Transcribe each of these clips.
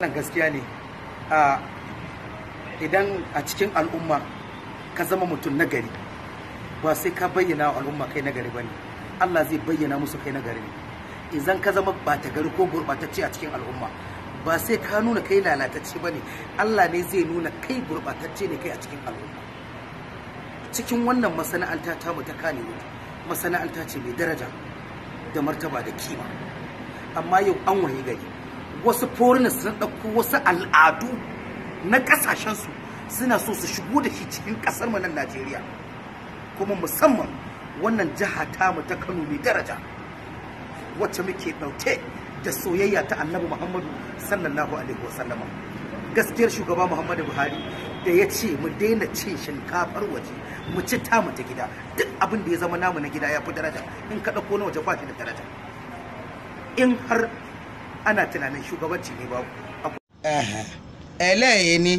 wannan gaskiya ne idan a cikin al'umma ka zama mutum nagari ba sai ka bayyana wa al'umma kai nagari ba ne allah zai bayyana musu kai nagari ne idan ka zama ba ta gari ko gurɓatacce a cikin al'umma ba sai ka nuna kai lalatacce ba ne allah ne zai nuna kai gurɓatacce ne kai a cikin al'umma cikin wannan masana'anta ta mu ta kane masana'anta ce mai daraja da martaba da kima amma yau an waye gari wasu foreigners sun ɗauko wasu al'adu na ƙasashensu suna so su shigo da shi cikin ƙasar mu nan Najeriya kuma musamman wannan jiha ta mu ta Kano mai daraja wacce muke ɗauke da soyayya ta Annabi Muhammadu sallallahu alaihi wasallam gaskiyar shugaba Muhammadu Buhari da ya ce mu daina cin shinkafar waje mu ci tamu ta gida duk abin da ya zama namu na gida ya fi daraja in ka ɗauko na waje ba da daraja in har ana tunanin shugabanci ne babu ẹlẹ́yìní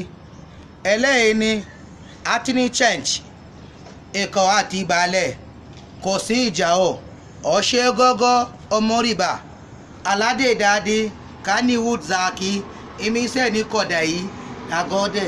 ẹlẹ́yìní atini change ikọ̀ àti ìbàlẹ̀ kò sí ìjà o ọ̀ṣẹ́ gọ́gọ́ ọmọrìbà aládèdáde kannywood zaki imisẹ́ ní kọ̀dà yìí àgọ́dẹ̀.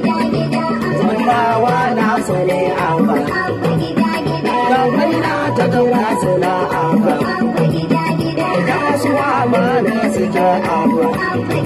suna abba kasuwa mana suke abu.